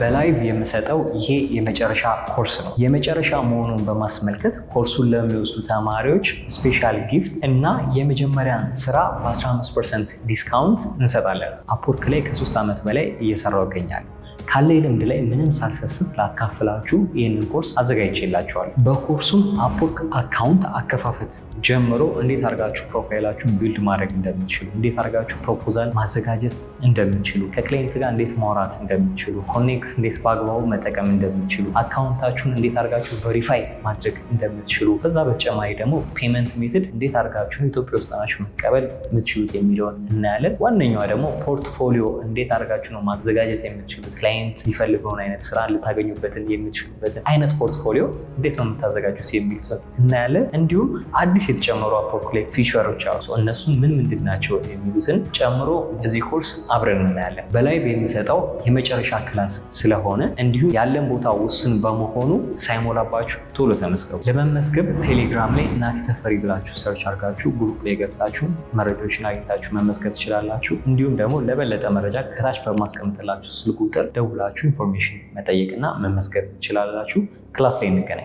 በላይቭ የምሰጠው ይሄ የመጨረሻ ኮርስ ነው። የመጨረሻ መሆኑን በማስመልከት ኮርሱን ለሚወስዱ ተማሪዎች ስፔሻል ጊፍት እና የመጀመሪያን ስራ በ15 ፐርሰንት ዲስካውንት እንሰጣለን። አፖርክ ላይ ከሶስት ዓመት በላይ እየሰራው ይገኛል። ካለ ልምድ ላይ ምንም ሳልሰስት ላካፍላችሁ ይህንን ኮርስ አዘጋጅቼላችኋለሁ። በኮርሱም አፕወርክ አካውንት አከፋፈት ጀምሮ እንዴት አድርጋችሁ ፕሮፋይላችሁ ቢልድ ማድረግ እንደምትችሉ፣ እንዴት አድርጋችሁ ፕሮፖዛል ማዘጋጀት እንደምትችሉ፣ ከክላይንት ጋር እንዴት ማውራት እንደምትችሉ፣ ኮኔክት እንዴት በአግባቡ መጠቀም እንደምትችሉ፣ አካውንታችሁን እንዴት አድርጋችሁ ቬሪፋይ ማድረግ እንደምትችሉ፣ ከዛ በተጨማሪ ደግሞ ፔመንት ሜትድ እንዴት አድርጋችሁ ኢትዮጵያ ውስጥ ናችሁ መቀበል የምትችሉት የሚለውን እናያለን። ዋነኛዋ ደግሞ ፖርትፎሊዮ እንዴት አድርጋችሁ ነው ማዘጋጀት የምትችሉት ክላይንት ክላይንት የሚፈልገውን አይነት ስራ ልታገኙበትን የምትችሉበትን አይነት ፖርትፎሊዮ እንዴት ነው የምታዘጋጁት የሚሉትን እናያለን። እንዲሁም አዲስ የተጨመሩ አፕወርክ ፊቸሮች አሉ። እነሱን ምን ምንድን ናቸው የሚሉትን ጨምሮ በዚህ ኮርስ አብረን እናያለን። በላይ የሚሰጠው የመጨረሻ ክላስ ስለሆነ እንዲሁም ያለን ቦታ ውስን በመሆኑ ሳይሞላባችሁ ቶሎ ተመዝገቡ። ለመመዝገብ ቴሌግራም ላይ እናቴ ተፈሪ ብላችሁ ሰርች አርጋችሁ ግሩፕ ላይ ገብታችሁ መረጃዎችን አግኝታችሁ መመዝገብ ትችላላችሁ። እንዲሁም ደግሞ ለበለጠ መረጃ ከታች በማስቀምጥላችሁ ስልክ ቁጥር ብላችሁ ኢንፎርሜሽን መጠየቅና መመዝገብ ትችላላችሁ። ክላስ ላይ እንገናኝ።